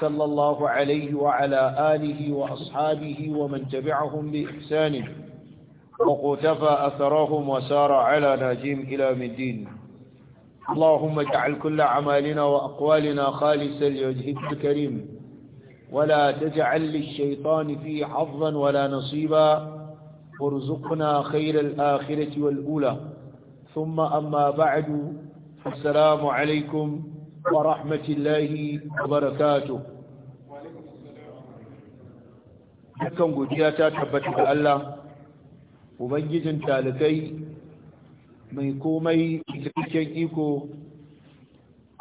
صلى الله عليه وعلى آله وأصحابه ومن تبعهم بإحسان وقتفى أثرهم وسار على ناجيم إلى مدين اللهم اجعل كل عمالنا وأقوالنا خالصا لوجهك الكريم ولا تجعل للشيطان فيه حظا ولا نصيبا وارزقنا خير الآخرة والأولى ثم أما بعد السلام عليكم ورحمة الله وبركاته dukkan gujiya ta tabbata ga Allah ubangijin talikai mai komai cikakken iko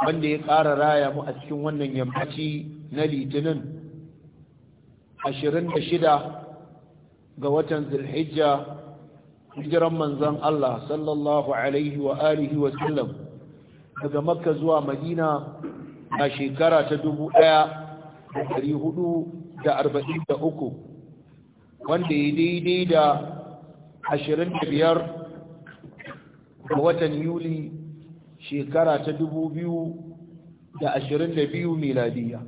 wanda ya ƙara raya mu a cikin wannan yammaci na litinin 26 ga watan zulhijja hijiran manzan Allah sallallahu alaihi wa alihi wa sallam daga makka zuwa madina a shekara ta dubu ɗaya da ɗari hudu da arba'in da uku wanda ya daidai da ashirin da biyar ga watan yuli shekara ta dubu biyu da ashirin da biyu miladiya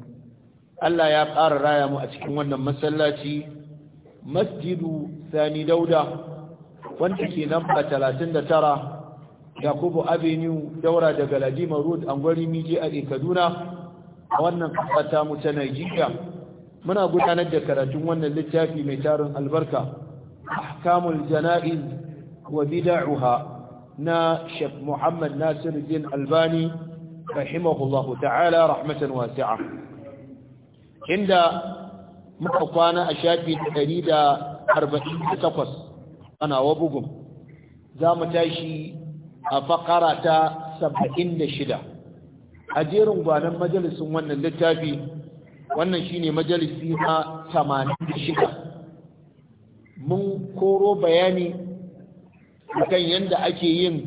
Allah ya ƙara raya mu a cikin wannan masallaci masjidu sani dauda wanda ke namba talatin da tara yakubu avenue daura daga ladima road angwari miji a kaduna a wannan kasa ta mu ta nigeria muna gudanar da karatun wannan littafi mai tarin albarka ahkamul jana'iz wa bid'aha na shek muhammad din albani rahimahullahu ta'ala rahmatan wasi'a inda muka kwana a shafi 148 ana wa bugun za mu tashi a fakara ta saba'in da shida a jerin gwanon majalisun wannan littafi wannan shine majalisi na tamanin da shida mun koro bayani kan yadda ake yin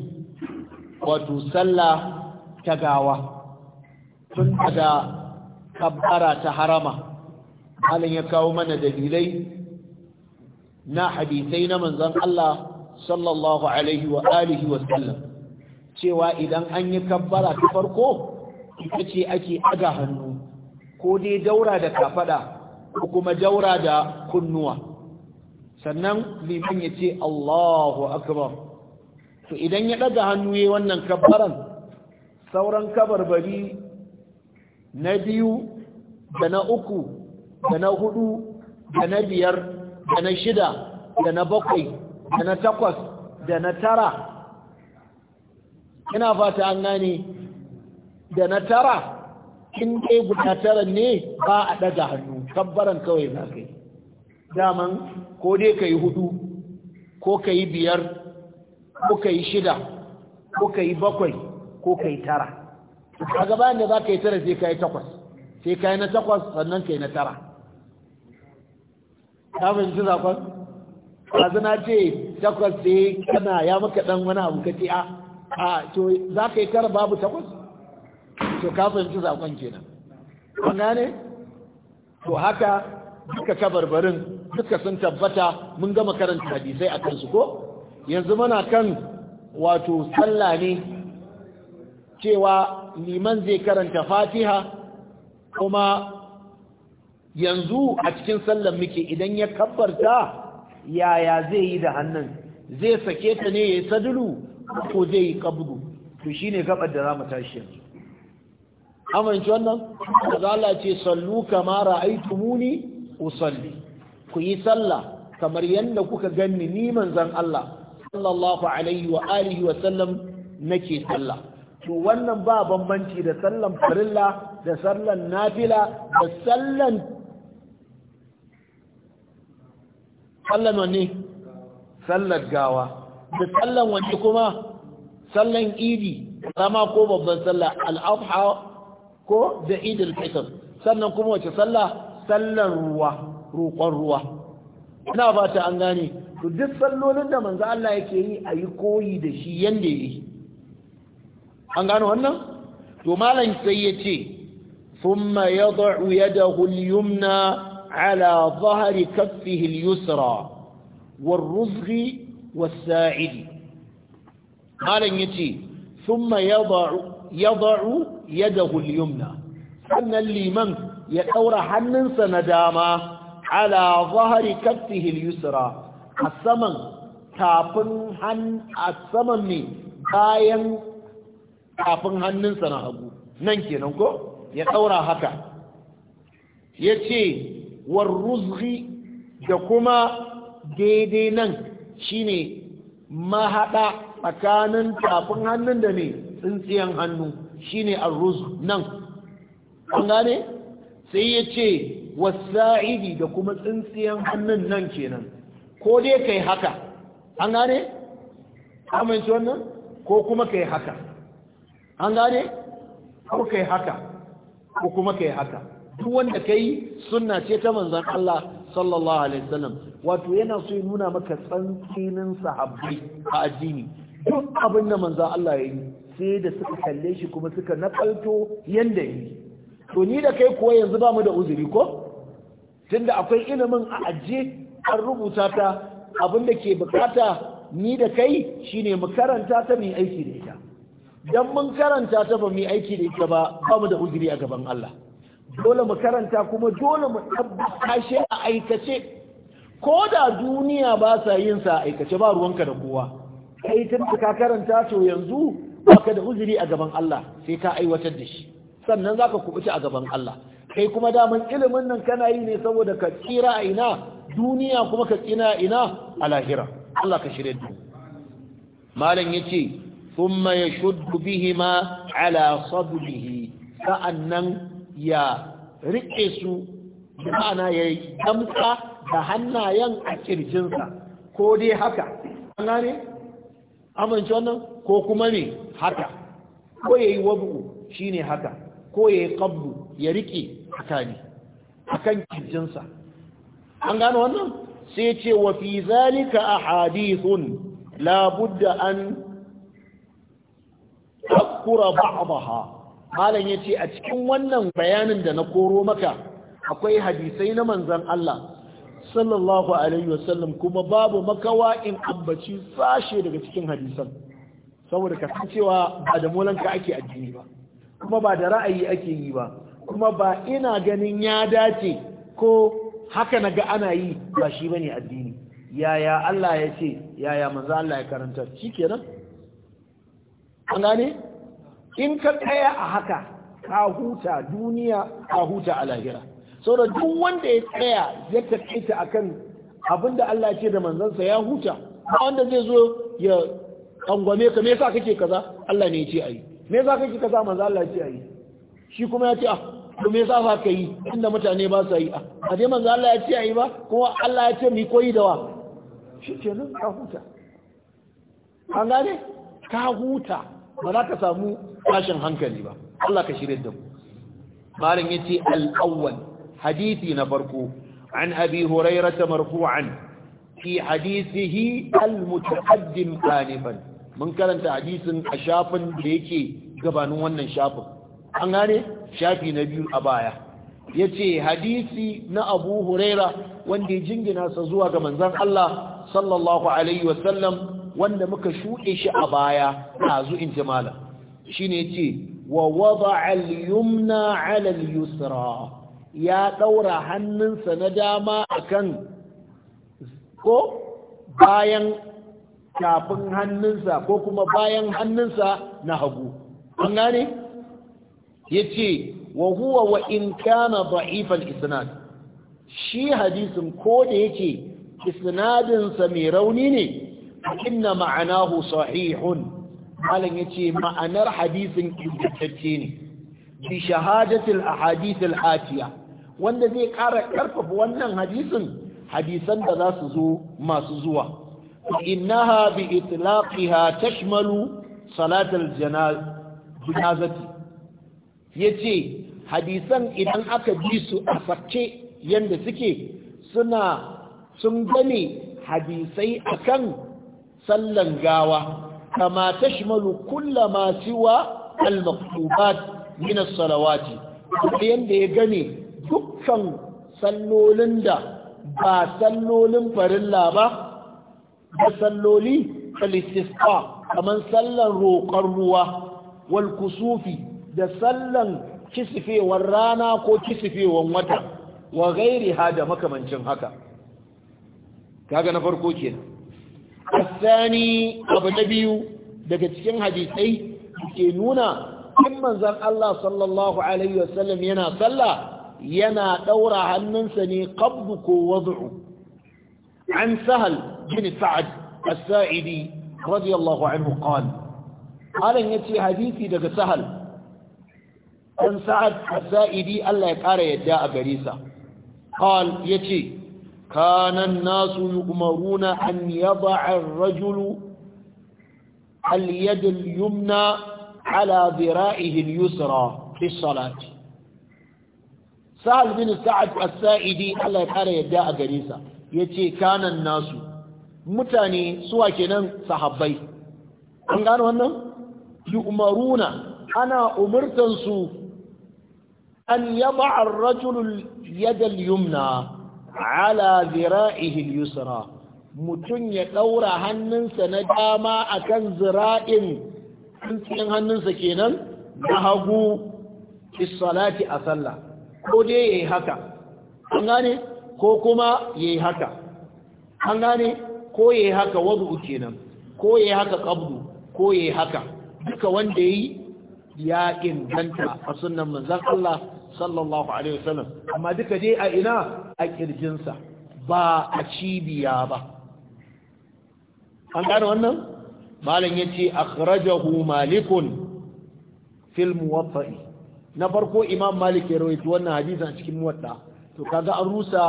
wato sallah ta gawa tun daga kabbara ta harama halin ya kawo mana dalilai na hadisai na manzon Allah sallallahu alaihi wa alihi wa sallam cewa idan an yi kabbara ta farko ita ce ake aga hannu ko dai daura da kafada ko kuma daura da kunnuwa sannan liman ya ce Allahu akbar to idan ya daga hannu yayin wannan kabbaran sauran kabarbari na biyu da na uku da na hudu da na biyar da na shida da na bakwai da na takwas da na tara ina fata an gane da na tara in dai guda tara ne ba a daga hannu kabbaran kawai za ka yi daman ko dai ka yi hudu ko ka yi biyar ko ka yi shida ko ka yi bakwai ko ka yi tara a gaba ne za ka yi tara sai ka yi takwas sai ka yi na takwas sannan ka yi na tara ta fahimci zafon ɗazu na ce takwas sai kana ya maka ɗan wani abu ka ce a ah, a to za ka yi tara babu takwas to ka fahimci zakon kenan kun ne? to haka duka kabarbarin duka sun tabbata mun gama karanta hadisai a kansu ko yanzu muna kan wato sallah ne cewa liman zai karanta fatiha kuma yanzu a cikin sallar muke idan ya kabbarta yaya zai yi da hannun zai sake ta ne ya yi sadulu ko zai yi kabdu to shine gabar da mu tashi yanzu amince wannan Allah ce sallu kama ra'aytumuni usalli ku yi sallah kamar yanda kuka ganni ni manzon Allah sallallahu alaihi wa alihi wa sallam nake sallah to wannan ba bambanci da sallan farilla da sallan nafila da sallan sallan ne sallar gawa da sallan wanda kuma sallan idi rama ko babban sallah al-adha ko da idil sannan kuma wace sallah sallan ruwa roƙon ruwa ina fata an gane to duk sallolin da manzo Allah yake yi a yi koyi da shi yanda yi. an gano wannan to malam sai ya ce thumma yad'u yadahu al-yumna ala dhahri kaffihi al-yusra والرزغ wasa'idi malam yace thumma yad'u yad'u yadahu al-yumna sannan liman ya daura hannunsa na dama ala zahri kaffihi al-yusra a saman tafin a saman ne bayan kafin hannunsa na hagu nan kenan ko ya daura haka yace warruzghi da kuma daidai nan shine mahaɗa tsakanin tafin hannun da ne tsintsiyan hannu shine arruz nan an gane sai ya ce wasa'idi da kuma tsintsiyan hannun nan kenan ko dai kai haka an gane amince wannan ko kuma kai haka an gane ko kai haka ko kuma kai haka duk wanda kai sunna ce ta manzon Allah sallallahu alaihi wasallam wato yana so ya nuna maka tsantsinin sahabbai a addini duk abin da manzo Allah ya yi sai da suka kalle shi kuma suka nakalto yanda yi to ni da kai kuwa yanzu ba mu da uzuri ko tunda akwai ilimin a ajiye an rubuta ta abin da ke bukata ni da kai shine mu karanta ta mu aiki da ita dan mun karanta ta ba mu aiki da ita ba ba mu da uzuri a gaban Allah dole mu karanta kuma dole mu tabbata shi a aikace ko da duniya ba sa yin sa a aikace ba ruwanka da kowa kai tun ka karanta to yanzu baka da uzuri a gaban Allah sai ka aiwatar da shi sannan zaka kubuta a gaban Allah kai kuma daman ilimin nan kana yi ne saboda ka tsira a ina duniya kuma ka tsina a ina a lahira Allah ka shirye da malam yace thumma yashuddu bihima ala sadrihi sa'annan ya riƙe su ma'ana ya yi damka da hannayen a kirjinsa ko dai haka an gane amince wannan ko kuma ne haka ko ya yi wabu shi ne haka ko ya yi ƙablu ya riƙe haka ne a kan kirjinsa an gano wannan sai ce wa fi zalika a hadithun labudda an takura ba'daha malam ya ce a cikin wannan bayanin da na koro maka akwai hadisai na manzan Allah sallallahu alaihi wasallam kuma babu makawa in ambaci sashe daga cikin hadisan saboda ka san cewa ba da molanka ake addini ba kuma ba da ra'ayi ake yi ba kuma ba ina ganin ya dace ko haka na ga ana yi ba shi bane addini yaya Allah ya ce yaya manzo Allah ya karanta shikenan an gane in ka tsaya a haka ka huta duniya ka huta a lahira saboda duk wanda ya tsaya ya takaita akan abin da Allah ce da manzansa ya huta ba wanda zai zo ya kangwame ka me yasa kake kaza Allah ne ya ce ayi me yasa kake kaza manzo Allah ya ce ayi shi kuma ya ce ah to me yasa ba ka yi inda mutane ba su yi ah a dai manzo Allah ya ce ayi ba kuma Allah ya ce mi koyi da wa shi kenan ka huta an gane ka huta ba za ka samu tashin hankali ba Allah ka shirye da mu malam yace al-awwal hadisi na farko an abi hurairah marfu'an fi hadisihi al-mutaqaddim qanifan mun karanta hadisin a shafin da yake gabanin wannan shafin an gane shafi na biyu a baya yace hadisi na abu huraira wanda ya jingina sa zuwa ga manzon Allah sallallahu alaihi wasallam wanda muka shuɗe shi a baya ɗazu in ji malam shi ne ce wa waba al-yumna ala yusra ya ɗaura hannunsa na dama akan ko bayan tafin hannunsa ko kuma bayan hannunsa na hagu an gane ya ce wa huwa wa in kana ba'ifan isnad shi hadisin ko da yake isnadinsa mai rauni ne inna ma'anahu sahihun malam yace ma'anar hadisin ingantacce ne bi shahadatil ahadith al atiya wanda zai ƙara ƙarfafa wannan hadisin hadisan da za su zo masu zuwa innaha bi itlaqiha tashmalu salatal janazati yace hadisan idan aka ji su a sakke yanda suke suna sun gane hadisai akan sallan gawa kama tashmalu kulla ma siwa al-maktubat min as-salawati yanda ya gane dukkan sallolin da ba sallolin farilla ba da salloli al-istisqa kaman sallan roƙar ruwa wal kusufi da sallan kisifewar rana ko kisifewar wata wa gairi hada makamancin haka kaga na farko kenan الثاني أبو نبي daga cikin hadisai ke nuna in manzon Allah sallallahu alaihi wasallam yana sallah yana daura hannunsa ne qabdu ko wad'u an sahal bin sa'ad as-sa'idi radiyallahu anhu qala alan yace hadisi daga sahal an sa'ad as-sa'idi Allah ya kara yadda a gare sa qal yace kana nasu yu'maruna an yada'a ar-rajulu al yumna ala dhira'ihi al-yusra fi as bin Sa'ad as-Sa'idi Allah ya kare yadda a gare sa yace kanan nasu mutane suwa kenan sahabbai an gano wannan ana umurtan an yaba yumna ala zira'ihi yusra mutum ya daura hannunsa na dama akan zira'in cikin hannunsa kenan na hagu salati a sallah ko dai yayi haka an gane ko kuma yayi haka an gane ko yayi haka wudu kenan ko yayi haka qabdu ko yayi haka duka wanda yayi ya inganta a sunnan manzon Allah sallallahu alaihi wasallam amma duka dai a ina a kirjinsa ba a cibiya ba an gane wannan malam yace akhrajahu malikun fil muwatta'i na farko imam malik ya rawaito wannan hadisi a cikin muwatta to kaga an rusa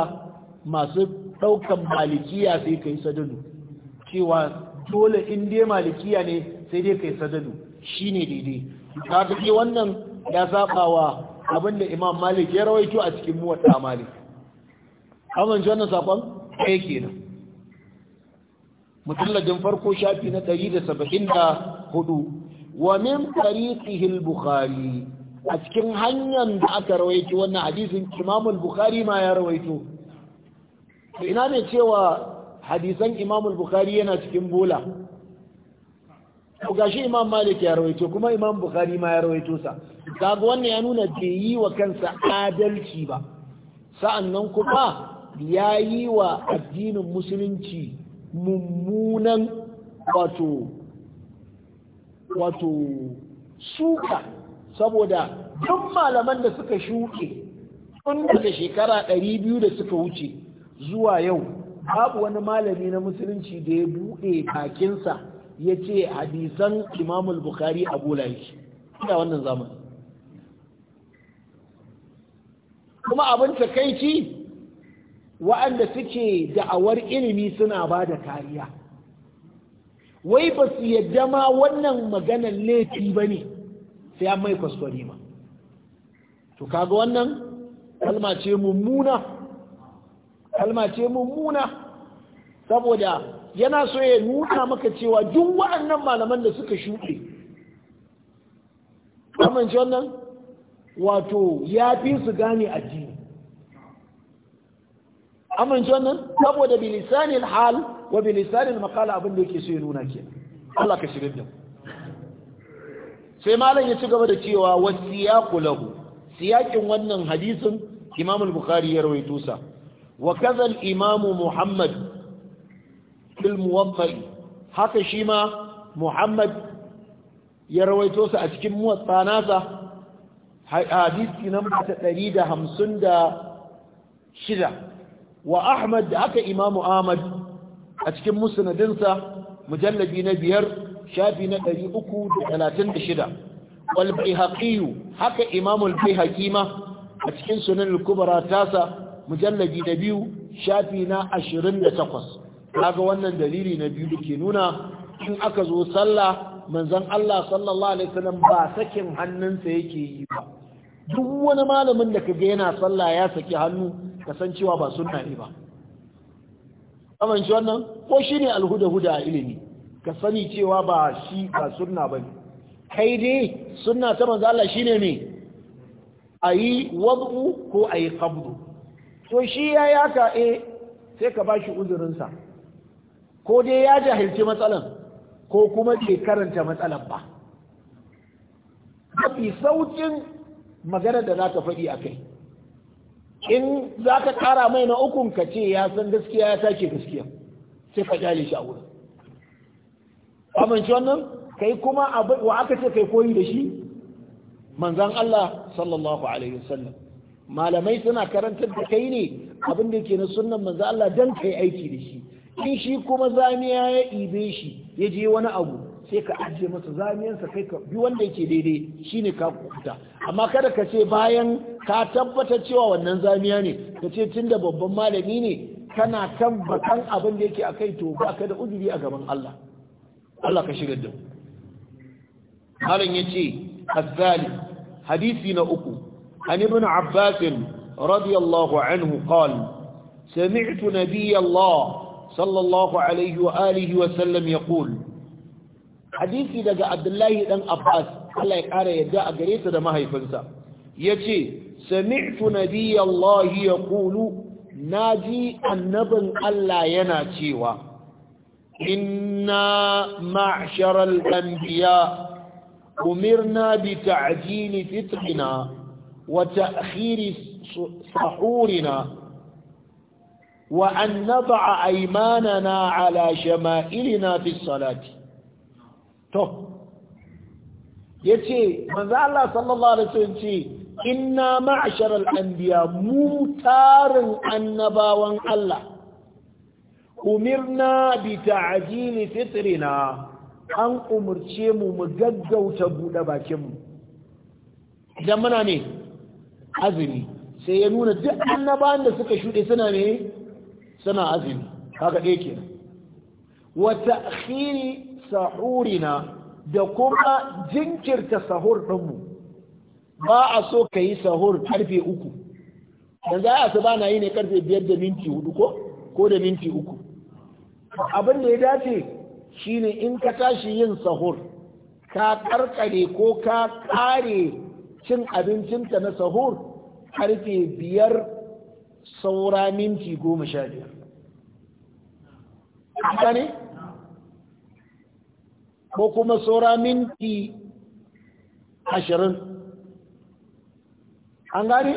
masu daukan malikiya sai kai sadadu cewa dole in dai malikiya ne sai dai kai sadadu shine daidai kaga wannan ya zaɓa wa Abin da imam malik ya rawaito a cikin muwatta malik amince wannan sakon ɗaya kenan mutalladin farko shafi na 174 wa min tariqihi al-bukhari a cikin hanyar da aka rawaito wannan hadisin imam al-bukhari ma ya rawaito to ina ne cewa hadisan imam al-bukhari yana cikin bola to gashi imam malik ya rawaito kuma imam bukhari ma ya rawaito sa kaga wannan ya nuna bai yi wa kansa adalci ba sa'annan kuma ya yi wa addinin musulunci mummunan wato wato suka saboda duk malaman da suka shuke tun daga shekara 200 da suka wuce zuwa yau babu wani malami na musulunci da ya buɗe bakinsa ya ce hadisan imamul bukhari a bulaye ina wannan zamani kuma abin takaici wa'anda suke da'awar ilimi suna ba da kariya wai ba su yadda ma wannan maganan laifi ba ne sai an mai kwaskwari ba. to kaga wannan kalma ce mummuna kalma ce mummuna saboda yana so ya nuna maka cewa duk waɗannan malaman da suka shuɗe amince wannan wato ya fi su gane addini amince wannan saboda bilisanin hal wa bilisanin makala abin da yake so ya nuna ke Allah ka shirin da sai malam ya ci gaba da cewa wasu wasiyaqu lahu siyakin wannan hadisin imam bukhari ya rawaito sa wa kadha imamu imam muhammad fil muwatta'i haka shi ma muhammad ya rawaito su a cikin muwatta nasa hadisi namba 156 wa ahmad haka imamu ahmad a cikin musnadinsa mujallabi na biyar shafi na 336 wal bihaqi haka imamu al bihaqi ma a cikin sunan al-kubra tasa mujallabi na biyu shafi na 28 kaga wannan dalili na biyu ke nuna in aka zo sallah manzon Allah sallallahu alaihi wasallam ba sakin hannunsa yake yi ba duk wani malamin da kaga yana sallah ya saki hannu kasancewa ba sunna ne ba shi wannan ko shine alhuda huda ilimi ka sani cewa ba shi ba sunna bane kai dai sunna ta manzon Allah shine me ayi wad'u ko ayi qabdu to shi ya haka eh sai ka bashi uzurinsa ko dai ya jahilci matsalan ko kuma bai karanta matsalar ba mafi saukin maganar da za ta faɗi a kai in za ka ƙara mai na ukun ka ce ya san gaskiya ya take gaskiya sai ka kyale shi a wurin amince wannan kai kuma wa aka ce kai koyi da shi manzan Allah sallallahu alaihi wasallam malamai suna karantar da kai ne abin da ke na sunnan manzan Allah dan kai aiki da shi in shi kuma zamiya ya ibe shi ya je wani abu sai ka ajiye masa zamiyansa kai ka bi wanda yake daidai shi ne ka kuta amma kada ka ce bayan ka tabbata cewa wannan zamiya ne ka ce tun da babban malami ne kana kan bakan abin da yake akai to ba ka da uzuri a gaban Allah Allah ka shigar da mu ya yace azali hadisi na uku an ibn abbas radiyallahu anhu qala sami'tu نبي صلى الله عليه وآله وسلم يقول حديثي دقى عبد الله بن عباس الله يقار يدعى قريسة دمها يفنسا يتي سمعت نبي الله يقول ناجي النبن ألا يناتيوا إنا معشر الأنبياء أمرنا بتعجيل فطرنا وتأخير سحورنا وأن نضع أيماننا على شمائلنا في الصلاة to ya ce manzo Allah sallallahu alaihi wasallam ce inna ma'asharar al'anbiya mu tarin annabawan Allah umirna bi ta'jili fitrina an umurce mu mu gaggauta bude bakin mu idan muna ne azumi sai ya nuna duk annabawan da suka shuɗe suna ne suna azumi kaga ɗaya kenan wa ta'khiri sahurina da kuma jinkirta sahur ɗinmu ba a so ka yi sahur karfe uku yanzu a su na yi ne karfe biyar da minti hudu ko ko da minti uku abin da ya dace shine in ka tashi yin sahur ka karkare ko ka kare cin abincinta na sahur karfe biyar saura minti goma sha biyar haka ne? ko kuma saura minti ashirin an gane?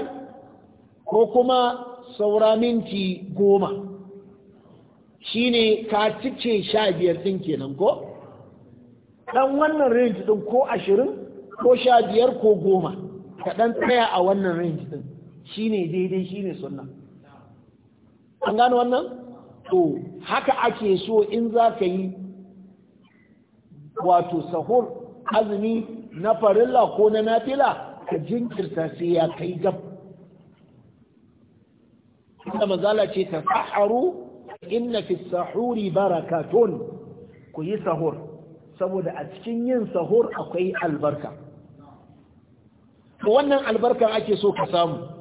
ko kuma saura minti goma shi ne ka cike sha biyar ɗin kenan ko? ɗan wannan range ɗin ko ashirin ko sha biyar ko goma ka ɗan tsaya a wannan range ɗin shine daidai shine sunna an gano wannan to haka ake so in za ka yi wato sahur azumi na farilla ko na nafila ka jinkirta sai ya kai gab inda mazala ce ta saharu inna fi sahuri barakatun ku yi sahur saboda a cikin yin sahur akwai albarka wannan albarkar ake so ka samu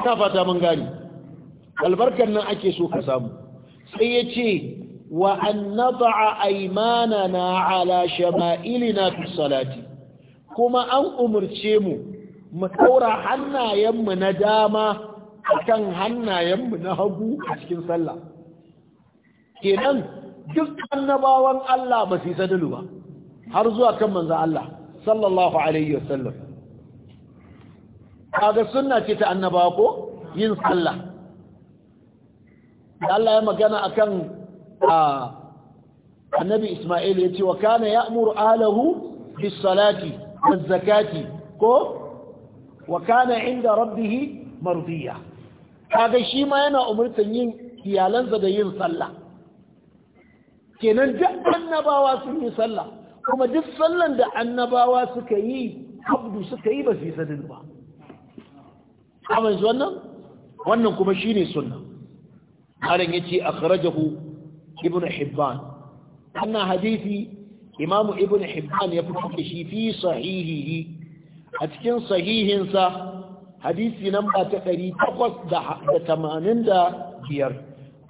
ta fata mun gani albarkar nan ake so ka samu sai ya ce wa an nafa'a na ala shama'ilina fi salati kuma an umarce mu mu ɗaura hannayenmu na dama akan hannayenmu na hagu a cikin sallah kenan duk annabawan Allah ba su yi ba har zuwa kan manzan Allah sallallahu alaihi wasallam kaga sunna ce ta annabawa ko yin sallah Allah ya magana akan annabi Isma'il ya ce wa kana ya'muru Alahu bis salati waz zakati ko wa kana inda rabbih mardiya kaga shi ma yana umurtan yin iyalansa da yin sallah kenan duk annabawa sun yi sallah kuma duk sallan da annabawa suka yi abdu suka yi ba su yi sadin ba amma yanzu wannan wannan kuma shine sunna malam yace akhrajahu ibnu hibban anna hadisi imam Ibn hibban ya fito da shi fi sahihihi a cikin sahihinsa hadisi ba ta biyar.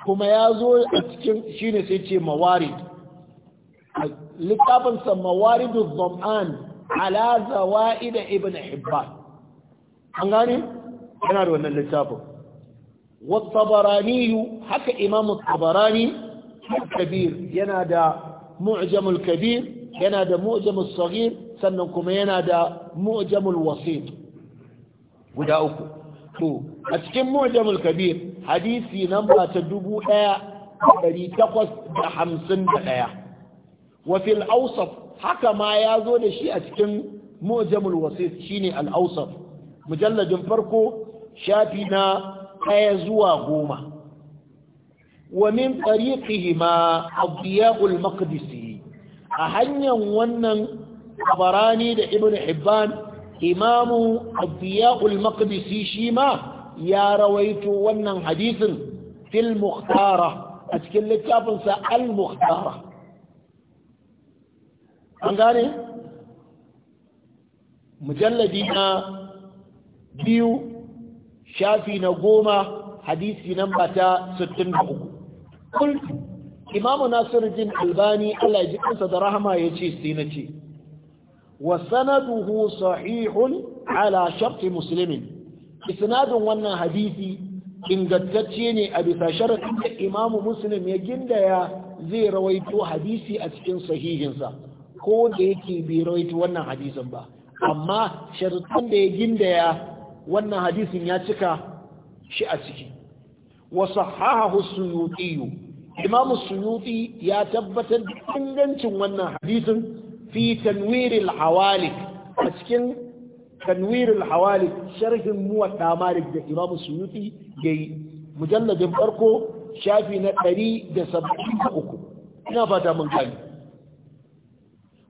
kuma ya zo a cikin ne sai ce mawari. Littafinsa mawari mawaridu dham'an ala da ibn hibban an gane yana da wannan littafin wattabaraniyu haka imamu tabarani kabir yana da mu'jamul kabir yana da mu'jamul saghir sannan kuma yana da mu'jamul wasit guda uku to a cikin mu'jamul kabir hadisi namba ta 1851 wa fil awsaf haka ma ya zo da shi a cikin mu'jamul wasit shine al awsaf mujalladin farko shafi na kaya zuwa goma wa min tariqihima abdiyaqul maqdisi a hanyar wannan Barani da ibnu hibban imamu abdiyaqul maqdisi shi ma ya rawaito wannan hadisin fil mukhtara a cikin littafinsa al mukhtara an gane mujalladi na biyu shafi na goma hadisi nan bata uku kultu imamu nasiruddin albani Allah ji kansa da rahama ce sai na ce wa sanaduhu sahihun ala shafi musulmin. isnadun wannan hadisi ingantacce ne a bisa sharadin da imamu muslim ya gindaya zai rawaito hadisi a cikin sahihinsa ko da yake bai rawaito wannan hadisin ba amma sharadin da ya gindaya wannan hadisin ya cika shi a ciki wa sahahahu suyuti imam suyuti ya tabbatar da ingancin wannan hadisin fi tanwir al a cikin tanwir al-hawalik sharhin muwatta malik da imam suyuti yayi mujalladin farko shafi na 173 ina fata mun gani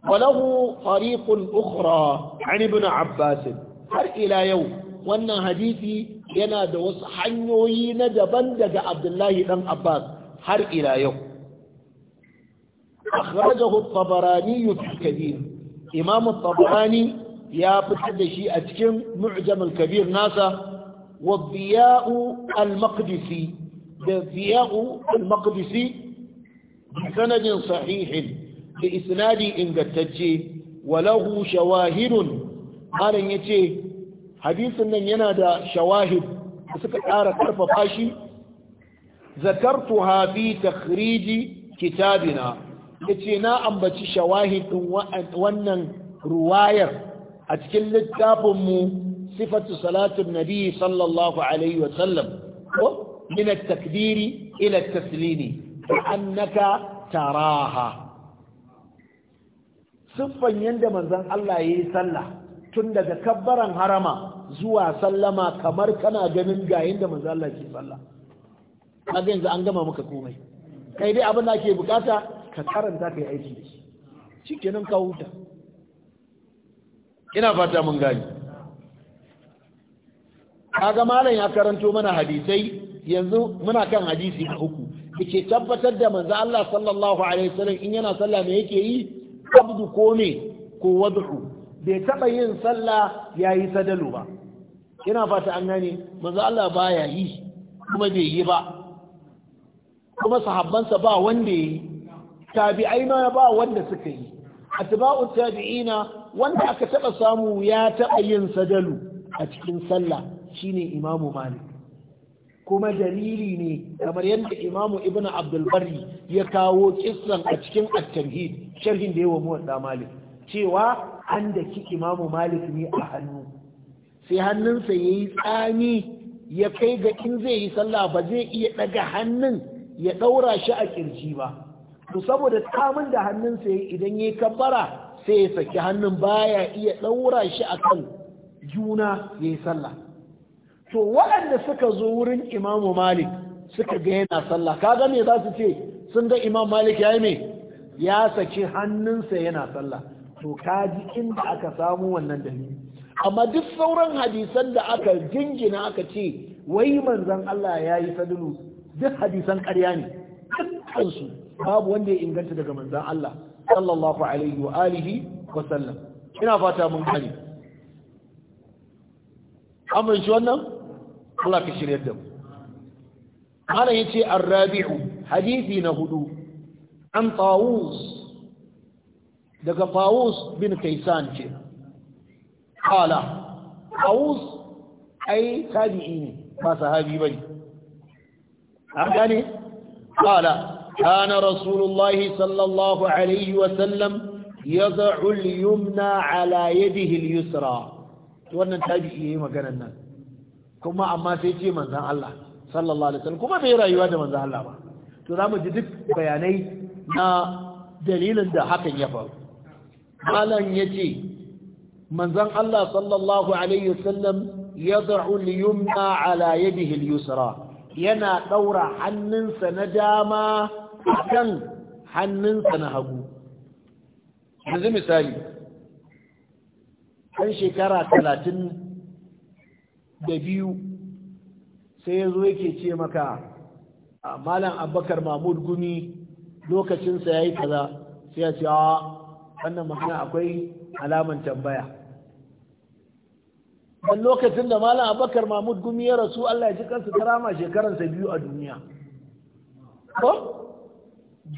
وله طريق أخرى عن ابن عباس har ila yau wannan hadisi yana da wasu hanyoyi na daban daga abdullahi dan abbas har ila yau akhrajahu at-tabarani kabir imam tabarani ya fitar da shi a cikin mu'jam kabir nasa wa diya'u al-maqdisi da diya'u al-maqdisi sanadin sahihin da isnadi ingantacce wa lahu shawahirun malam yace hadisin nan yana da shawahid da suka ƙara ƙarfafa shi zakartuha ta takhriji kitabina yace na ambaci shawahidin wannan ruwayar a cikin littafinmu sifatu salatun nabi sallallahu alaihi wa sallam ko min takdiri takbiri taslini, at annaka taraha siffan yanda manzon Allah yayi sallah tun daga kabbaran harama zuwa sallama kamar kana ganin ga da manzo Allah ke sallah kaga yanzu an gama maka komai kai dai abin da ake bukata ka karanta kai aiki da shi shikenan ka huta ina fata mun gani kaga malam ya karanto mana hadisai yanzu muna kan hadisi na uku kike tabbatar da manzo Allah sallallahu alaihi wasallam in yana sallah me yake yi abdu ko ne ko wad'u bai taɓa yin sallah ya yi sadalu ba ina fata an gane manzo Allah ba ya yi kuma bai yi ba kuma sahabbansa ba wanda ya yi tabi'ai ma ba wanda suka yi atba'u tabi'ina wanda aka taɓa samu ya taɓa yin sadalu a cikin sallah shine imamu malik kuma dalili ne kamar yadda imamu Abdul Bari ya kawo kissan a cikin at-tamhid sharhin da yawa da malik cewa an da ki imamu malik ne a hannu sai hannunsa ya yi tsami ya kai ga in zai yi sallah ba zai iya ɗaga hannun ya ɗaura shi a kirji ba to saboda tsamin da hannunsa ya idan ya yi kabbara sai ya saki hannun baya iya ɗaura shi a kan juna ya yi sallah to waɗanda suka zo wurin imamu malik suka ga yana sallah kaga me za su ce sun ga imam malik ya yi me ya saki hannunsa yana sallah to kaji inda aka samu wannan dalili amma duk sauran hadisan da aka jingina aka ce wai manzon Allah ya yi sadulu duk hadisan ƙarya ne dukkansu babu wanda ya inganta daga manzon Allah sallallahu alaihi wa alihi wa sallam ina fata mun gane amma shi wannan Allah ka shirya da mu ana yace ar-rabi'u hadisi na hudu an tawus daga Fawus bin Kaisan ce qala Fawus ai tabi'i ne ba sahabi bane an gane qala kana rasulullahi sallallahu alaihi wa sallam yad'u al-yumna ala yadihi al-yusra wannan tabi'i ne maganar nan kuma amma sai ce manzon Allah sallallahu alaihi wasallam kuma bai rayuwa da manzon Allah ba to zamu ji duk bayanai na dalilin da hakan ya faru malan yace manzon Allah sallallahu alaihi wasallam yad'u al-yumna ala yadihi al-yusra yana daura hannunsa na dama kan hannunsa na hagu yanzu misali kan shekara talatin da biyu sai yazo yake ce maka malam abubakar mahmud gumi lokacinsa ya yi kaza sai ya ce a wannan magana akwai alaman tambaya dan lokacin da malam abakar mahmud gumi ya rasu allah ya ji kansa karama shekaran shekaransa biyu a duniya ko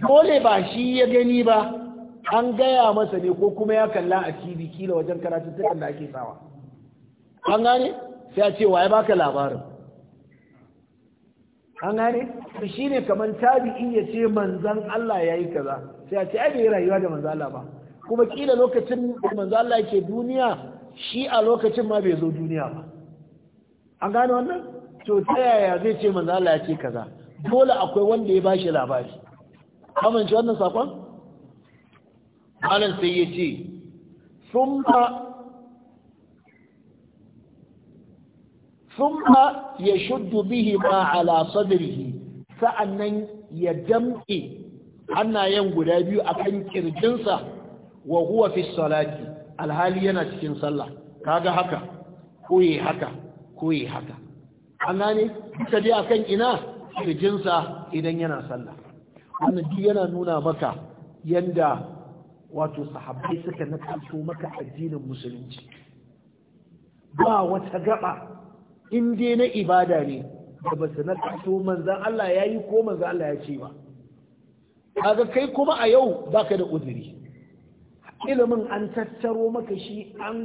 dole ba shi ya gani ba an gaya masa ne ko kuma ya kalla a tv kila wajen karatuttukan da ake sawa an gane sai a ce waye baka labarin an gane shi ne kamar tabi'i ya ce manzan allah ya yi kaza sai a ce ai bai rayuwa da manzan allah ba kuma kila lokacin da manzo Allah yake duniya shi a lokacin ma bai zo duniya ba an gane wannan to ta yaya zai ce manzo Allah ya kaza dole akwai wanda ya bashi labari amince wannan sakon malam sai ya ce thumma thumma yashuddu bihi ma ala sadrihi sa'annan ya jam'i hannayen guda biyu akan kirjinsa wa huwa fi salati alhali yana cikin sallah kaga haka ko yi haka ko yi haka an ka duka dai akan ina jinsa idan yana sallah wannan duk yana nuna maka yanda wato sahabbai suka nakalto maka addinin musulunci ba wata gaba in dai na ibada ne da ba su nakalto manzan Allah ya yi ko manzan Allah ya ce ba kaga kai kuma a yau baka da uzuri ilimin an tattaro maka shi an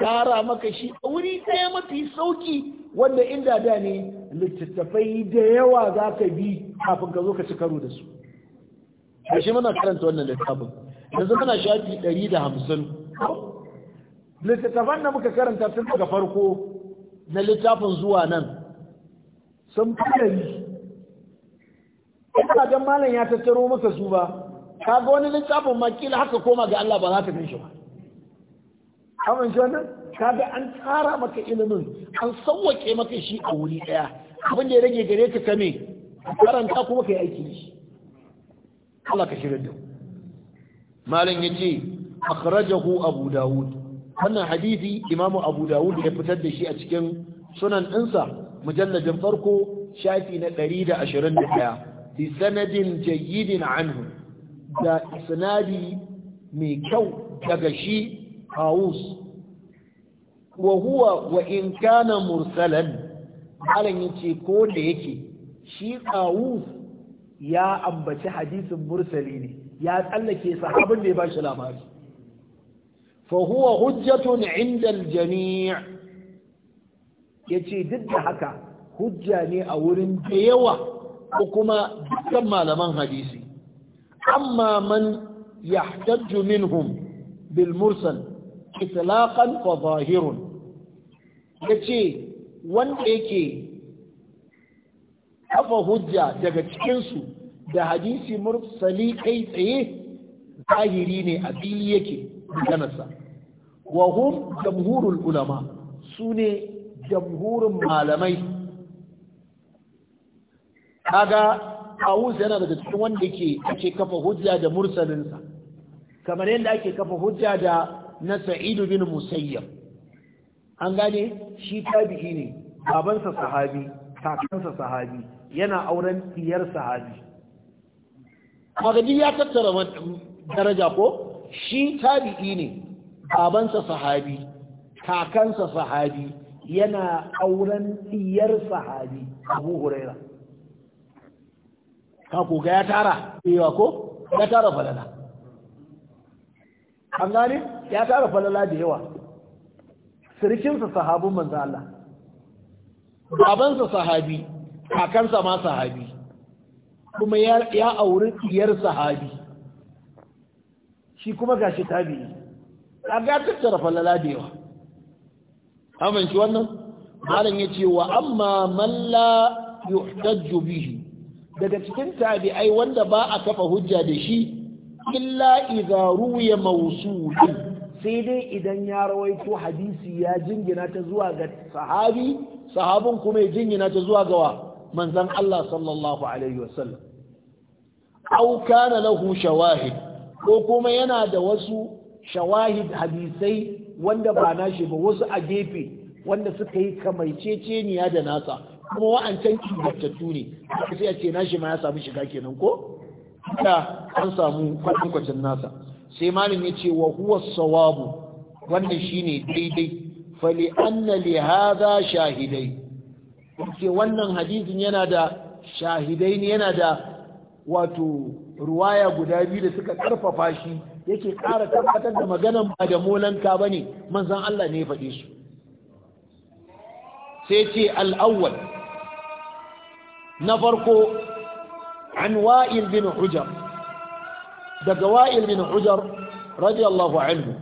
tara maka shi a wuri ɗaya mafi sauki wanda inda da ne littattafai da yawa za ka bi kafin ka zo ka ci karo da su a shi muna karanta wannan littafin yanzu mana shafi ɗari da hamsin littattafan da muka karanta tun daga farko na littafin zuwa nan sun fi ɗari ina malam ya tattaro maka su ba ka ga wani littafin makila haka koma ga Allah ba za ta ganshi ba amince wannan ka ga an tsara maka ilimin an sauwake maka shi a wuri ɗaya, abin da ya rage gare ka kame karanta kuma kai aiki shi Allah ka shirya da malam yace akhrajahu abu dawud wannan Hadizi imamu abu dawud ya fitar da shi a cikin sunan ɗinsa mujalladin farko shafi na ɗaya, bi sanadin jayyidin anhu da isnadi mai kyau daga shi haus wa huwa wa in kana mursalan alan yace ko da yake shi haus ya ambaci hadisin mursali ne ya tsallake sahabin da ya bashi labari fa huwa hujjatun inda al-jami' yace duk da haka hujja ne a wurin da yawa ko kuma dukkan malaman hadisi amma man yahtajju minhum bil mursal itlaqan fa zahirun yace wanda yake kafa hujja daga cikinsu da hadisi mursali kai tsaye zahiri ne a biyu yake maganarsa wa hum jamhurul ulama su ne jamhurin malamai kaga tawus yana daga cikin wanda ke ake kafa hujja da mursalinsa kamar yadda ake kafa hujja da na sa'idu bin musayyab an gane shi tabi'i ne babansa sahabi kakansa sahabi yana auren diyar sahabi magadi ya tattara daraja ko shi tabi'i ne babansa sahabi kakansa sahabi yana auren diyar sahabi abu huraira ka koga ya tara yawa ko ya tara falala an gane ya tara falala da yawa sirikinsa sahabin manzo Allah babansa sahabi kakansa ma sahabi kuma ya auri diyar sahabi shi kuma gashi tabi'i kaga tara falala da yawa amince wannan malam yace wa amma man la yuhtajju bihi daga cikin tabi'ai wanda ba a kafa hujja da shi illa idza ruya mawsulun sai dai idan ya rawaito hadisi ya jingina ta zuwa ga sahabi sahabin kuma ya jingina ta zuwa ga manzon Allah sallallahu alaihi wasallam aw kana lahu shawahid ko kuma yana da wasu shawahid hadisai wanda ba nashi ba wasu a gefe wanda suka yi kamaiceceniya da nasa kuma wa'ancan ingantattu ne sai a ce nashi ma ya samu shiga kenan ko da an samu kwatankwacin nasa sai malin ya ce wa huwa sawabu wannan shine daidai fali anna li hadha shahidai ce wannan hadizin yana da shahidai ne yana da wato ruwaya guda biyu da suka karfafa shi yake ƙara tabbatar da maganan ba da molanka bane manzan Allah ne ya faɗe su sai ce al'awwal. na farko an wa'il bin hujar daga wa'il bin hujar radiyallahu anhu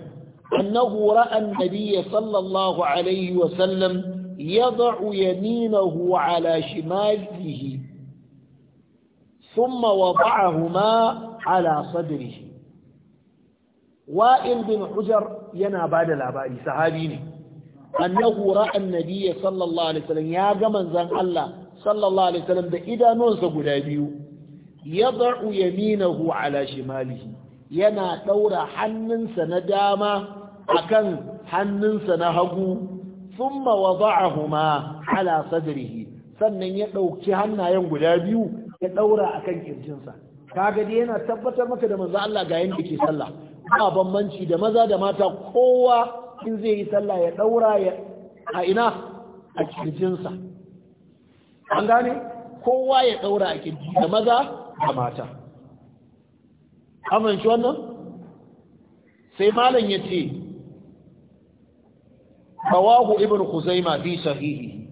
annahu ra'a an-nabiy sallallahu alayhi wa sallam yad'u yaminahu ala shimalihi thumma wada'ahuma ala sadrihi wa'il bin hujar yana bada labari sahabi ne annahu ra'a an-nabiy sallallahu alaihi sallam ya ga manzon Allah sallallahu alaihi wasallam da idanunsa guda biyu yad'u yaminahu ala shimalihi yana daura hannunsa na dama akan hannunsa na hagu thumma wada'ahuma ala sadrihi sannan ya dauki hannayen guda biyu ya daura akan kirjinsa kaga dai yana tabbatar maka da manzo Allah ga yanda ke sallah ba bambanci da maza da mata kowa in zai yi sallah ya daura ya a ina a kirjinsa an gane kowa ya ɗaura a kirji da maza da mata amince wannan sai malam ya ce rawahu ibn khuzaima fi sahihi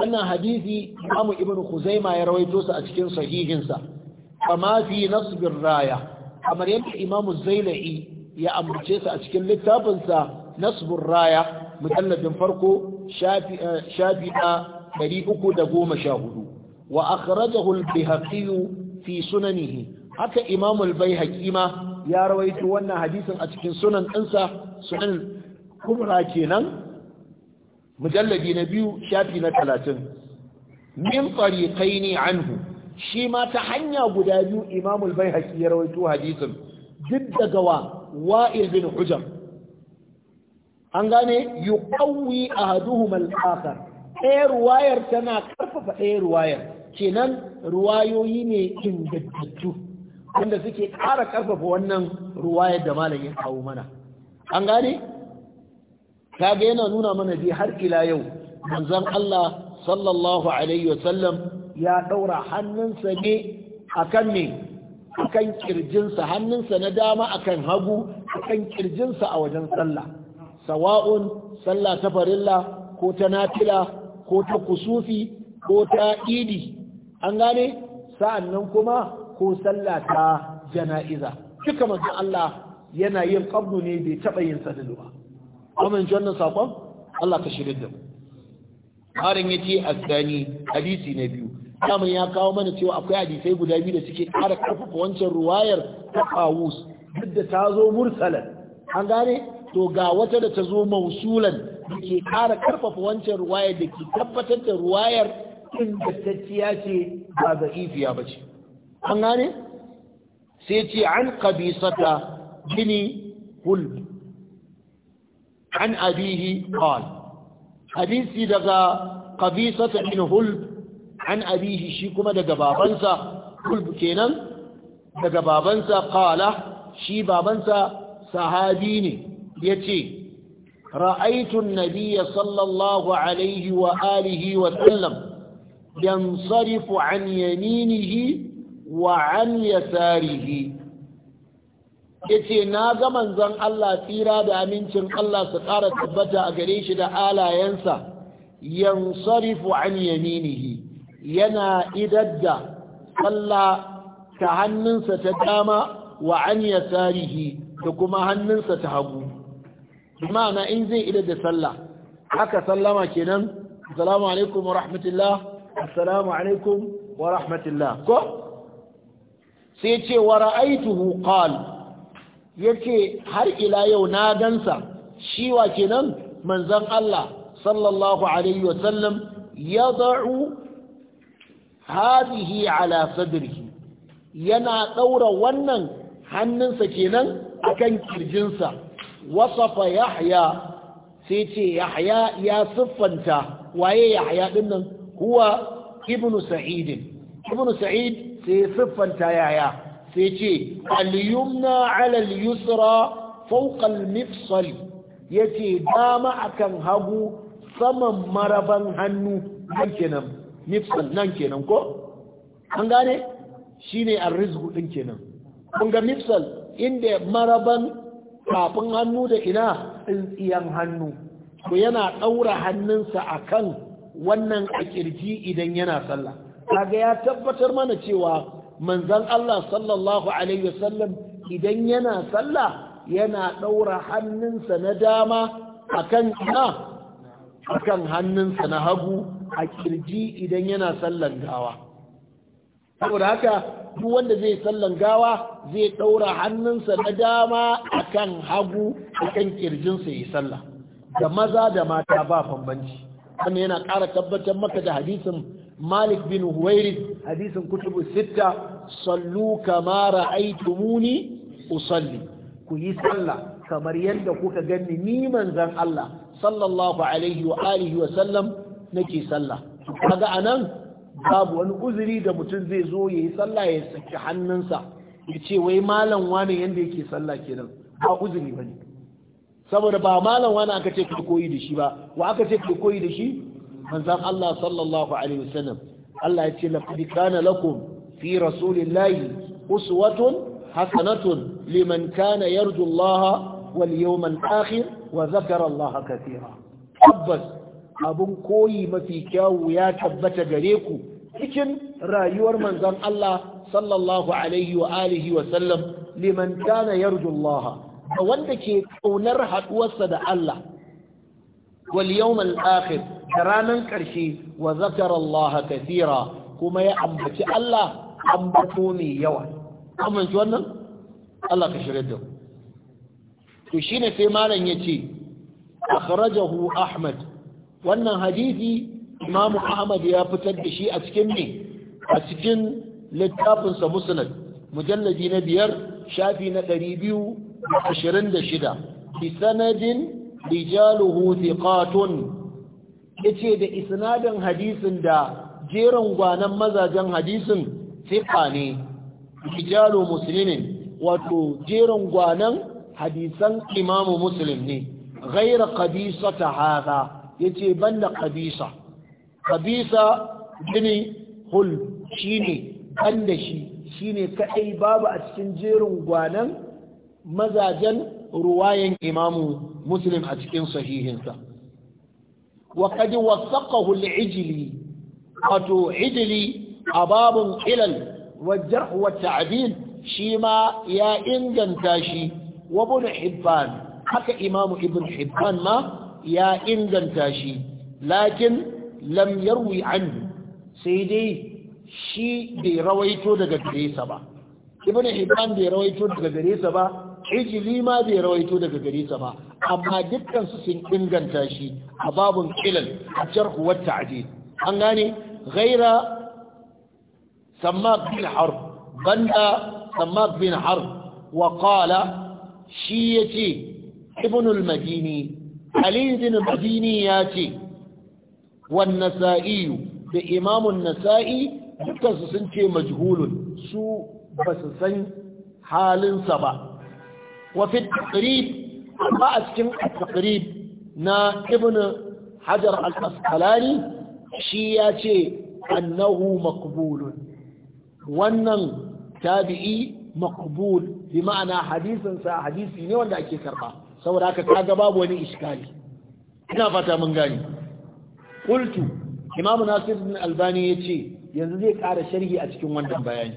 wannan hadisi imamu ibn khuzaima ya rawaito sa a cikin sahihinsa kama fi ar raya kamar yadda imamu zailai ya ambace sa a cikin littafinsa ar raya tallafin farko shafi eh, uku da goma sha hudu, wa akhrajahu al fi sunanihi haka imam al-baihaqi ma ya rawaito wannan hadisin a cikin sunan ɗinsa sunan kubra kenan mujalladi na biyu shafi na talatin, min tariqaini anhu shi ma ta hanya guda biyu imam al-baihaqi ya rawaito hadisin duk daga wa wa'il bin hujam an gane yuqawwi ahaduhuma al-akhar ɗaya ruwayar tana ƙarfafa ɗaya ruwayar kenan ruwayoyi ne ingantattu wanda suke ƙara ƙarfafa wannan ruwayar da malam ya kawo mana an gane ga yana nuna mana bi har ila yau manzon Allah sallallahu alaihi wasallam ya daura hannunsa ne akan ne akan kirjinsa hannunsa na dama akan hagu akan kirjinsa a wajen sallah sawa'un sallah ta farilla ko ta nafila ko ta kusufi ko ta idi an gane sa'annan kuma ko sallah ta jana'iza duka manzo Allah yana yin qabdu ne bai taba yin sadalu ba kuma in wannan sakon Allah ka shirye da mu harin yace asdani hadisi na biyu kamar ya kawo mana cewa akwai hadisai guda biyu da suke kara karfafa wancan ruwayar ta Qawus duk da ta zo mursalan an gane to ga wata da ta zo mausulan da ke ƙara karfafa wancan ruwayar da ke tabbatar da ruwayar ingantacciya ce ba ga ifiya ba ce an gane sai ce an kabisata gini hulb an abihi qal hadisi daga kabisata bin hulb an abihi shi kuma daga babansa hulb kenan daga babansa qala shi babansa sahabi ne yace رأيت النبي صلى الله عليه وآله وسلم ينصرف عن يمينه وعن يساره yace na ga manzon Allah tsira da amincin Allah su ƙara tabbata a gare shi da alayensa yansarifu an yaminihi yana idadda sallah ta hannunsa ta dama wa an yasarihi da kuma hannunsa ta hagu ma'ana in zai ida da sallah haka sallama kenan assalamu alaikum wa rahmatullah assalamu alaikum wa rahmatullah ko sai ce wa ra'aituhu qal yace har ila yau na gansa shi wa kenan manzon Allah sallallahu alaihi wa sallam yad'u hadhihi ala sadrihi yana daura wannan hannunsa kenan akan kirjinsa wasafa yahya sai ce ya siffanta waye yahya din nan huwa ibnu sa'id ibnu sa'id sai siffanta yahya sai ce al-yumna 'ala al-yusra fawqa al yace dama akan hagu saman maraban hannu nan kenan mifsal nan kenan ko an gane shine ar din kenan kun ga mifsal inda maraban kafin hannu da ina tsintsiyan hannu to yana ɗaura hannunsa a kan wannan a ƙirji idan yana sallah kaga ya tabbatar mana cewa manzan Allah sallallahu alaihi wasallam idan yana sallah yana ɗaura hannunsa na dama a kan ina a kan hannunsa na hagu a ƙirji idan yana sallan gawa saboda haka duk wanda zai sallan gawa zai ɗaura hannunsa na dama a kan hagu a kan ƙirjinsa ya yi sallah da maza da mata ba bambanci wannan yana ƙara tabbatar maka da hadisin Malik bin Huwairi hadisin kutubu sitta sallu kama ra'aytumuni usalli ku yi sallah kamar yadda kuka gani ni zan Allah sallallahu alaihi wa alihi wa sallam nake sallah kaga anan babu wani uzuri da mutum zai zo ya yi sallah ya saki hannunsa ya ce wai malam wani yanda yake sallah kenan ba uzuri ba ne saboda ba malam wani aka ce ka koyi da shi ba wa aka ce ka koyi da shi manzan Allah sallallahu alaihi wasallam Allah ya ce laqad kana lakum fi rasulillahi uswatun hasanatun liman kana yarju Allah wal yawmal akhir wa dhakara Allah katira tabbas abun koyi mafi kyawu ya tabbata gare ku cikin rayuwar manzon Allah sallallahu alaihi wa alihi wa sallam liman kana yarju Allah wanda ke kaunar haduwarsa da Allah wal yawmal akhir da ranan karshe wa zakara Allah kathira kuma ya ambaci Allah ambato mai yawa amince wannan Allah ka shirye da to shine sai malam yace akhrajahu Ahmad wannan hadisi imamu ahmad ya fitar da shi a cikin ne a cikin littafinsa musnad mujallaji na biyar shafi na ɗari biyu da da shida bi sanadin rijaluhu thiqatun yace da isnadin hadisin da jerin gwanan mazajen hadisin thiqa ne rijalu muslimin wato jerin gwanan hadisan imamu muslim ne غير قبيصة هذا yace banda kabisa kabisa gini hul shi banda shi shine kaɗai babu a cikin jerin gwanan mazajen ruwayan imamu muslim a cikin sahihinsa wa kad wasaqahu al wato ijili a babun ilal wajar wata abin shi ma ya inganta shi wa haka imamu ibn hibban ma ya inganta shi lakin lam yarwi an sai dai shi bai rawaito daga gare sa ba ibn hibban bai rawaito daga gare sa ba ijli ma bai rawaito daga gare sa ba amma dukkan su sun inganta shi a babun ilal a jarh wa ta'dil an gane ghaira samma bin harb banda sammak bin harb wa qala shi yace ibn al-madini Ali bin Madini ya ce wan da imamun nasa'i dukansu sun ce majhulun su ba su san halinsa ba wa fi taqrib amma a cikin taqrib na ibn hajar al-asqalani shi ya ce annahu makbulun." wannan tabi'i makbul, bi ma'ana hadisinsa hadisi ne wanda ake karba saboda haka kaga babu wani iskali ina fata mun gani qultu imam nasir bin albani yace yanzu zai ƙara sharhi a cikin wannan bayani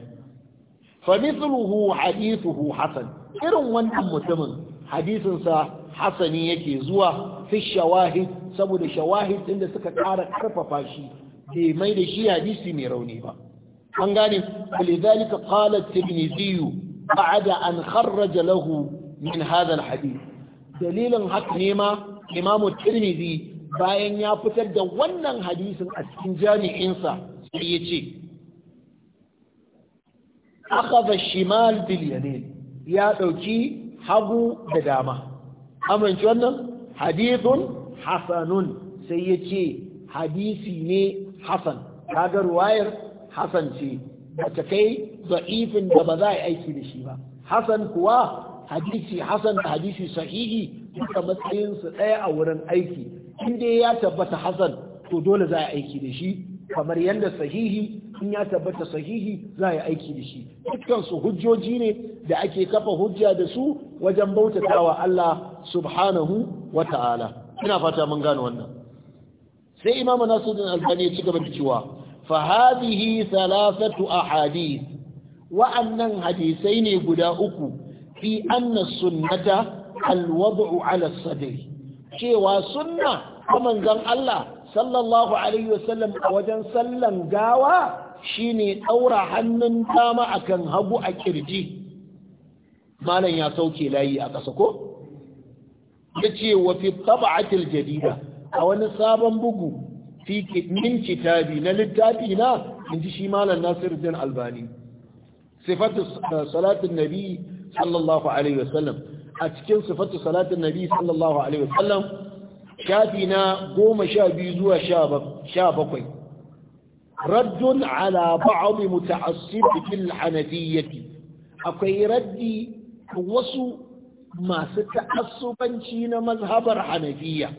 fa mithluhu hadithuhu hasan irin wannan mutumin hadisin sa hasani yake zuwa fi shawahid saboda shawahid din da suka ƙara karfafa shi bai mai da shi hadisi mai rauni ba an gane ولذلك قال الترمذي بعد an kharraja lahu, min هذا الحديث dalilin haka nema ma imamu tirmidhi bayan ya fitar da wannan hadisin a cikin jami'insa sai ya ce akhadha shimal bil yamin ya dauki hagu da dama amince wannan hadithun hasanun sai ya ce hadisi ne hasan kaga ruwayar hasan ce ba ta kai ifin da ba za a yi aiki da shi ba hasan kuwa hadisi hasan da hadisi sahihi duka matsayinsu ɗaya a wurin aiki in dai ya tabbata hasan to dole za a aiki da shi kamar yadda sahihi in ya tabbata sahihi za a aiki da shi dukkansu hujjoji ne da ake kafa hujja da su wajen bautatawa Allah subhanahu wa ta'ala ina fata mun gano wannan sai imamu nasiruddin albani ya ci gaba da cewa fa hadhihi thalathatu ahadith wa'annan hadisai ne guda uku fi anna sunnata alwad'u ala cewa sunna ta manzon Allah sallallahu alaihi wasallam a wajen sallan gawa shine daura hannun dama akan hagu a kirji malam ya sauke layi a ƙasa ko yace wa fi tab'atil jadida a wani sabon bugu fi min kitabi na littafi na inji shi malam Nasiruddin Albani sifatu salatin nabi sallallahu alaihi wasallam a cikin sifatu salatin nabi sallallahu alaihi wasallam shafi na goma sha biyu zuwa sha bakwai raddun ala ba'd muta'assib hanafiyyati akwai raddi wasu masu ta'assubanci na mazhabar hanafiya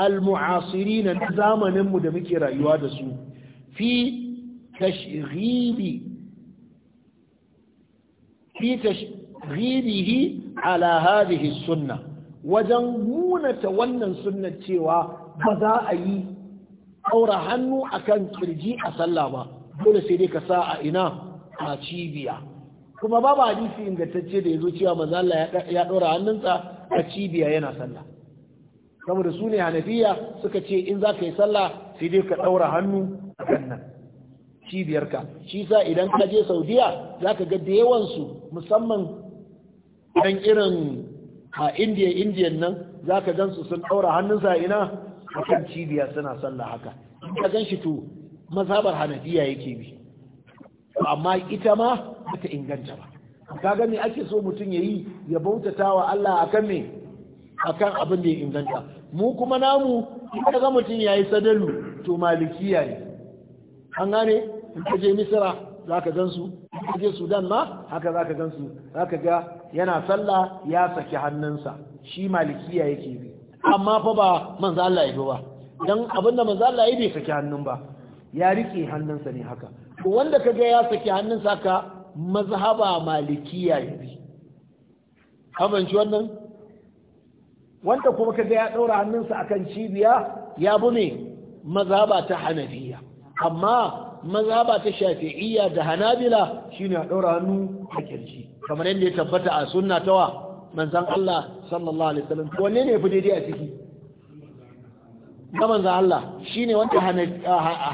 al-mu'asirin na zamaninmu da muke rayuwa da su fi tashghili fi ghibihi ala sunna wajen munata wannan sunna cewa ba za a yi aura hannu akan kirji a sallah ba dole sai dai ka sa a ina a cibiya kuma babu hadisi ingantacce da yazo cewa manzo Allah ya daura hannunsa a cibiya yana sallah saboda su ne hanafiya suka ce in za ka yi sallah sai dai ka ɗaura hannu a nan cibiyarka shi sa idan ka je saudiya za ka ga da yawansu musamman dan irin a indiya indiyan nan za ka gansu sun ɗaura hannunsa ina a kan cibiya suna sallah haka in ka gan shi to mazhabar hanafiya yake bi amma ita ma ba ta inganta ba Ka ga me ake so mutum ya yi ya bautata wa Allah akan me akan abin da ya inganta mu kuma namu in ka ga mutum ya yi sadalu to malikiya ne an gane in ka je misira za ka gan je sudan ma haka za ka gan su, za ka ga yana sallah ya saki hannunsa shi malikiya yake bi amma fa ba manzo Allah ya ba dan abinda manzo Allah ya bai saki hannun ba ya rike hannunsa ne haka to wanda kaga ya saki hannunsa ka mazhaba malikiya ya bi shi wannan wanda kuma ka ga ya daura hannunsa akan cibiya ya bi ne mazhaba ta hanafiya amma mazhaba ta shafi'iyya da hanabila shine a ɗora hannu a kirji kamar yadda ya tabbata a sunna tawa manzan Allah sallallahu alaihi wasallam wanne ne fi daidai a ciki na manzan Allah shine wanda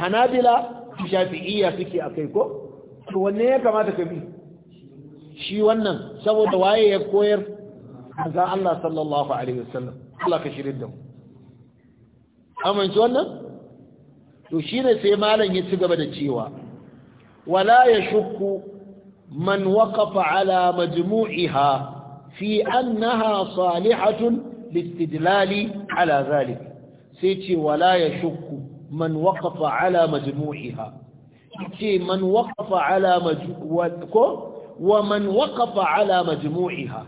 hanabila ta shafi'iyya suke a kai ko to wanne ya kamata ka bi shi wannan saboda waye ya koyar manzan Allah sallallahu alaihi wasallam Allah ka shirin da mu amince wannan to shine sai malam ya ci gaba da cewa wala ya shukku man waqafa ala majmu'iha fi annaha salihatun listidlali ala zalik sai ce wala ya shukku man waqafa ala majmu'iha ce man waqafa ala majmu'iha wa man waqafa ala majmu'iha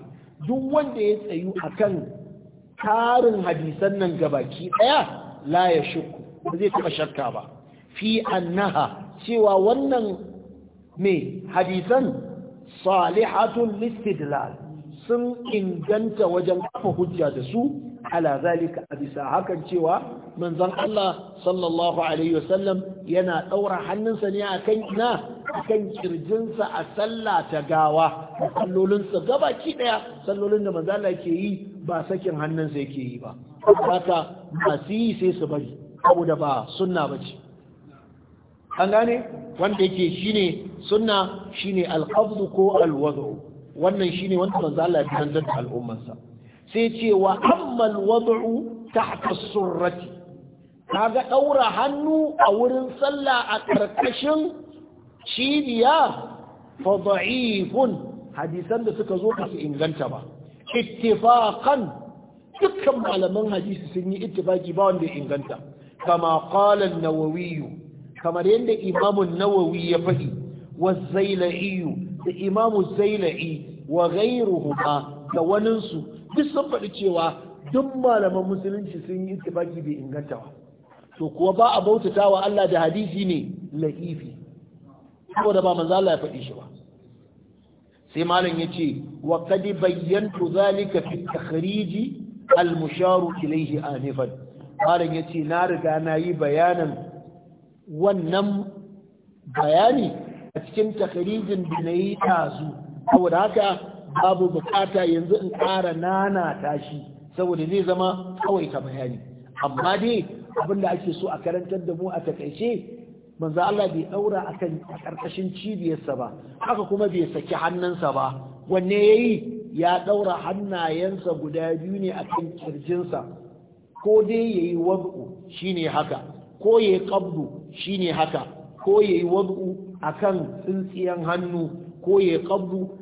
duk wanda ya tsayu akan tarin hadisan nan gabaki daya la ya shukku ba zai taɓa shakka ba fi annaha cewa wannan mai hadisan salihatun listidlal sun inganta wajen kafa hujja da su ala zalika a bisa hakan cewa manzon Allah sallallahu alaihi wasallam yana ɗaura hannunsa ne akan ina kan kirjinsa a sallah ta gawa gaba gabaki ɗaya. sallolin da manzon Allah ke yi ba sakin hannunsa yake yi ba haka masu yi sai su bari abu da ba sunna ba ce an gane wanda yake shine sunna shine alƙabdu ko alwad'u wannan shine wanda manzo Allah ya tanzar da al'ummarsa sai ce wa amma alwad'u tahta surrati kaga ɗaura hannu a wurin sallah a ƙarƙashin cibiya fa da'ifun hadisan da suka zo ba su inganta ba ittifaqan dukkan malaman hadisi sun yi ittifaki ba wanda ya inganta kama qala an kamar yadda imamu nawawi ya faɗi wa zailai da imamu zailai wa ghayruhuma da waninsu duk sun faɗi cewa duk malaman musulunci sun yi tabaki bai inganta ba to kuwa ba a bautata wa Allah da hadisi ne laifi saboda ba manzo Allah ya faɗi shi ba sai malam yace wa qad bayyantu zalika fi takhriji al musharu ilayhi anifan malam ya ce na riga na yi bayanin wannan bayani a cikin takarijin da na yi tazu saboda haka babu bukata yanzu in ƙara nana tashi saboda zai zama kawai ta bayani amma dai abinda ake so a karantar da mu a takaice manzo Allah bai daura akan karkashin cibiyarsa ba haka kuma bai saki hannunsa ba wanne yayi ya daura hannayensa guda biyu ne akan kirjinsa ko dai ya yi wad'u shine haka ko yayi qabdu shine haka ko yayi wad'u akan tsintsiyan hannu ko yayi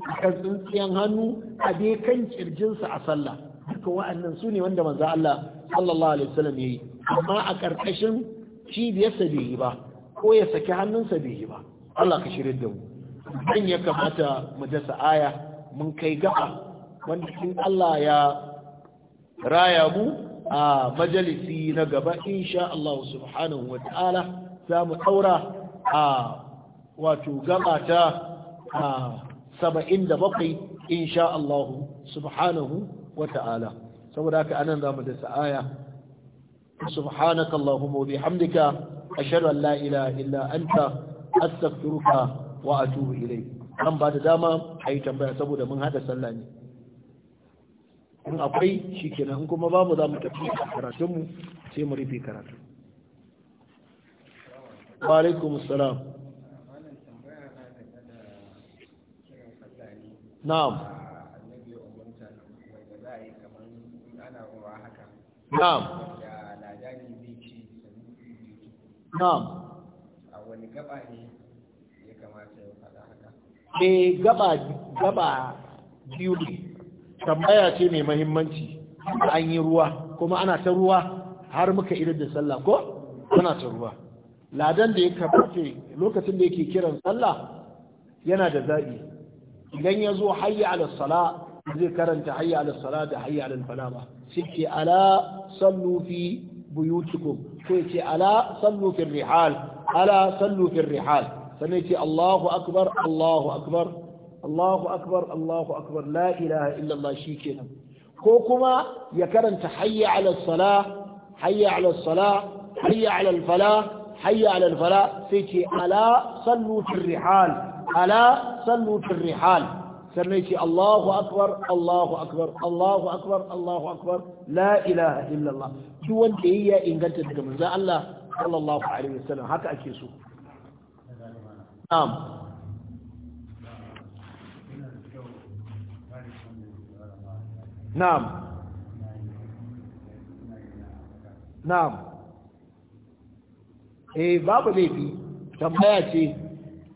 a kan tsintsiyan hannu a dai kan kirjinsa a sallah duka wa'annan su ne wanda manzo Allah sallallahu alaihi wasallam yayi amma a ƙarƙashin cibiyarsa bai yi ba ko ya saki hannunsa bai yi ba Allah ka shirin da mu dan ya kamata mu dasa aya mun kai gaba wanda in Allah ya raya mu a majalisi na gaba insha Allah subhanahu wa ta'ala za mu taura a wato gaba ta saba'in da bakwai insha Allah subhanahu wa ta'ala saboda haka anan za mu da sa'aya subhanaka Allahumma wa bihamdika ashhadu an la ilaha illa anta astaghfiruka wa atubu ilayk kan ba da dama ayi tambaya saboda mun hada sallah ne in akwai shi kenan in kuma babu za mu tafi karatunmu sai mu rufe karatu wa alaikum salam na'am na'am na'am a wani gaba ne ya kamata ya faɗa haka eh gaba biyu ne tambaya ce mai mahimmanci an yi ruwa kuma ana ta ruwa har muka idar da sallah ko ana ta ruwa ladan da ya kafafe lokacin da yake kiran sallah yana da zaɓi idan ya zo hayya ala sala zai karanta hayya ala sala da hayya ala fala ba ala sallu fi buyutikum ko ya ce ala sallu fi rihal ala sallu fi rihal sannan ya ce Allahu akbar Allahu akbar Allahu akbar Allahu akbar la ilaha illallah shikenan ko kuma ya karanta hayya ala salah hayya ala salah hayya ala al hayya ala al sai ce ala sallu fil rihal ala sallu fil rihal sannan ce Allahu akbar Allahu akbar Allahu akbar Allahu akbar la ilaha illallah duk wanda yayi ya inganta daga manzon Allah sallallahu alaihi wasallam haka ake so na'am na'am na'am e babu laifi tambaya ce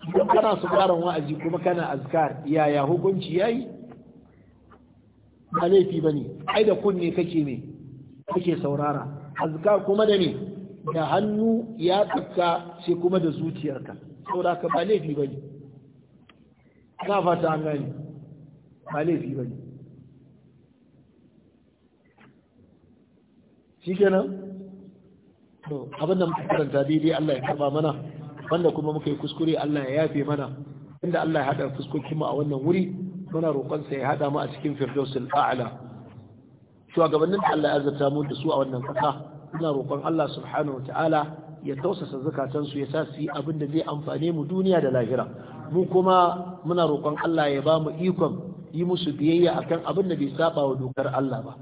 idan kana sauraron wa'azi kuma kana azkar yaya hukunci yayi ba laifi bane ai da kunne kake ne kake saurara azkar kuma da ne da hannu ya tsaka sai kuma da zuciyarka saboda ka ba laifi bane ina fata an gani ba laifi bane shikenan to abin da muka karanta daidai Allah ya karba mana wanda kuma muka yi kuskure Allah ya yafe mana inda Allah ya hada fuskokinmu a wannan wuri muna roƙon sa ya hada mu a cikin firdausul a'la shugabannin da Allah ya azurta mu da su a wannan kasa muna roƙon Allah subhanahu wataala ya tausasa zakatan su ya sa su yi abin da zai amfane mu duniya da lahira mu kuma muna roƙon Allah ya ba mu ikon yi musu biyayya akan abin da bai saba wa dokar Allah ba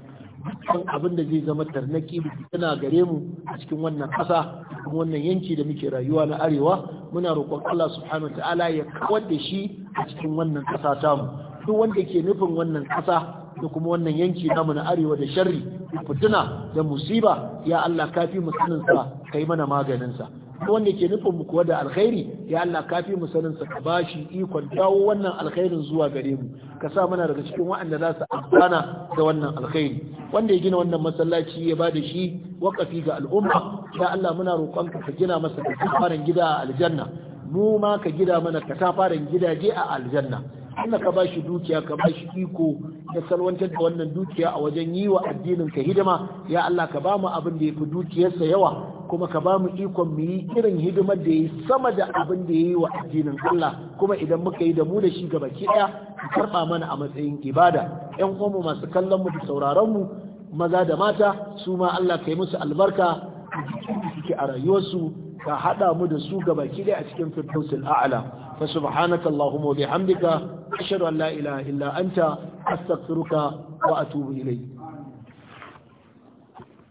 dukkan abin da zai zama tarnaki tana gare mu a cikin wannan ƙasa kuma wannan yanki da muke rayuwa na arewa muna roƙon Allah subhanahu ta'ala ya kawar da shi a cikin wannan ƙasa tamu duk wanda ke nufin wannan ƙasa da kuma wannan yanki namu na arewa da sharri da fitina da musiba ya Allah kafi mu sanin sa kai mana maganinsa. wanda ke nufin mu kuwa da alkhairi ya Allah ka fi mu sanin sa ka bashi ikon dawo wannan alkhairin zuwa gare mu ka sa mana daga cikin waɗanda za su amfana da wannan alkhairi wanda ya gina wannan masallaci ya bada shi wakafi ga al'umma ya Allah muna roƙonka ka gina masa da gida a aljanna mu ma ka gida mana ka gidaje a aljanna Allah ka bashi dukiya ka bashi iko ya salwantar da wannan dukiya a wajen yi wa addinin ka hidima ya Allah ka bamu abin da yafi dukiyarsa yawa kuma ka bamu ikon mu yi irin hidimar da yi sama da abin da yayi wa addinin Allah kuma idan muka yi da mu da shi gaba kiɗa daya ka karba mana a matsayin ibada ƴan uwanmu masu kallon mu da sauraron mu maza da mata su ma Allah ka yi musu albarka a rayuwarsu ka haɗa mu da su gaba kiɗa daya a cikin firdausul a'la fa subhanaka allahumma wa bihamdika ashhadu an la ilaha illa suruka astaghfiruka wa atubu ilayk